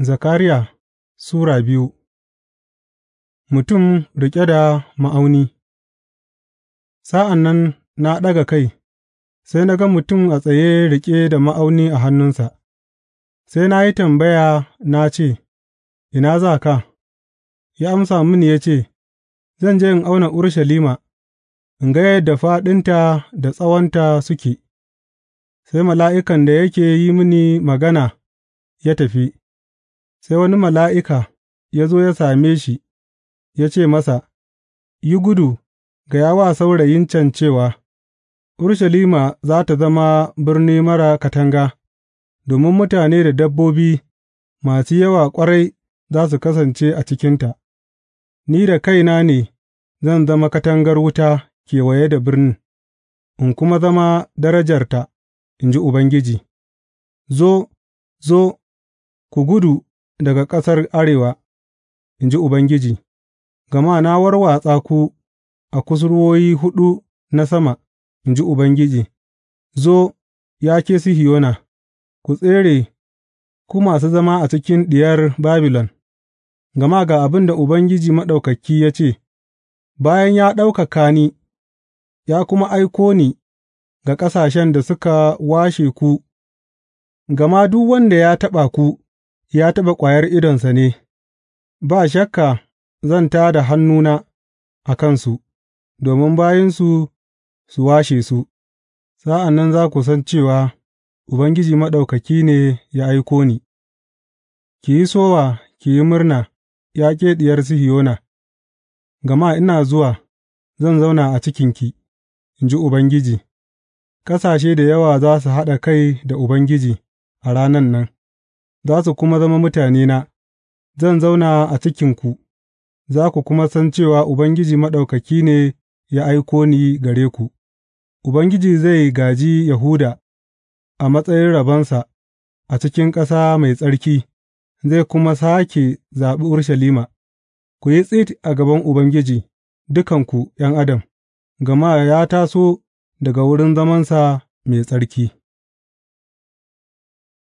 Zakariya Sura biyu Mutum riƙe da ma'auni Sa'an nan na ɗaga kai, sai na ga mutum a tsaye riƙe da ma'auni a hannunsa, sai na yi tambaya na ce, Ina za ka? Ya amsa mini ya ce, Zan je in auna Urushalima, in ga yadda faɗinta da tsawonta suke, sai mala'ikan da yake yi mini magana ya tafi. sai wani mala'ika ya zo ya same shi ya ce masa, Yi gudu, ga yawa saurayin can cewa, Urushalima za ta zama birni mara katanga, domin mutane da dabbobi masu yawa ƙwarai za su kasance a cikinta, ni da kaina ne zan zama katangar wuta kewaye da birnin, in kuma zama darajarta, in ji Ubangiji. Zo, zo, ku gudu daga ƙasar arewa, in ji Ubangiji, gama na warwatsa ku a kusurwoyi huɗu na sama, in ji Ubangiji, zo, ya ke Sihiyona, ku tsere, ku masu zama a cikin diyar Babilon, gama ga abin da Ubangiji Maɗaukaki ya ce, Bayan ya ɗaukaka ni, ya kuma aiko ni ga ƙasashen da suka washe ku, gama duk wanda ya taɓa ku ya taɓa ƙwayar idonsa ne, ba shakka zan tā da hannuna a kansu, domin bayinsu su washe su, sa'an nan za ku san cewa Ubangiji Maɗaukaki ne ya aiko ni. Ki yi sowa, ki yi murna, ya ke Diyar Sihiyona, gama ina zuwa, zan zauna a cikinki, in ji Ubangiji, ƙasashe da yawa za su haɗa kai da Ubangiji a ranan nan. za su kuma zama mutanena, zan zauna a cikinku, za ku kuma san cewa Ubangiji Maɗaukaki ne ya aiko ni gare ku, Ubangiji zai gaji Yahuda a matsayin rabonsa a cikin ƙasa mai tsarki, zai kuma sake zaɓi Urushalima, ku yi tsit a gaban Ubangiji, dukanku ’yan adam, gama ya taso daga wurin zamansa mai tsarki.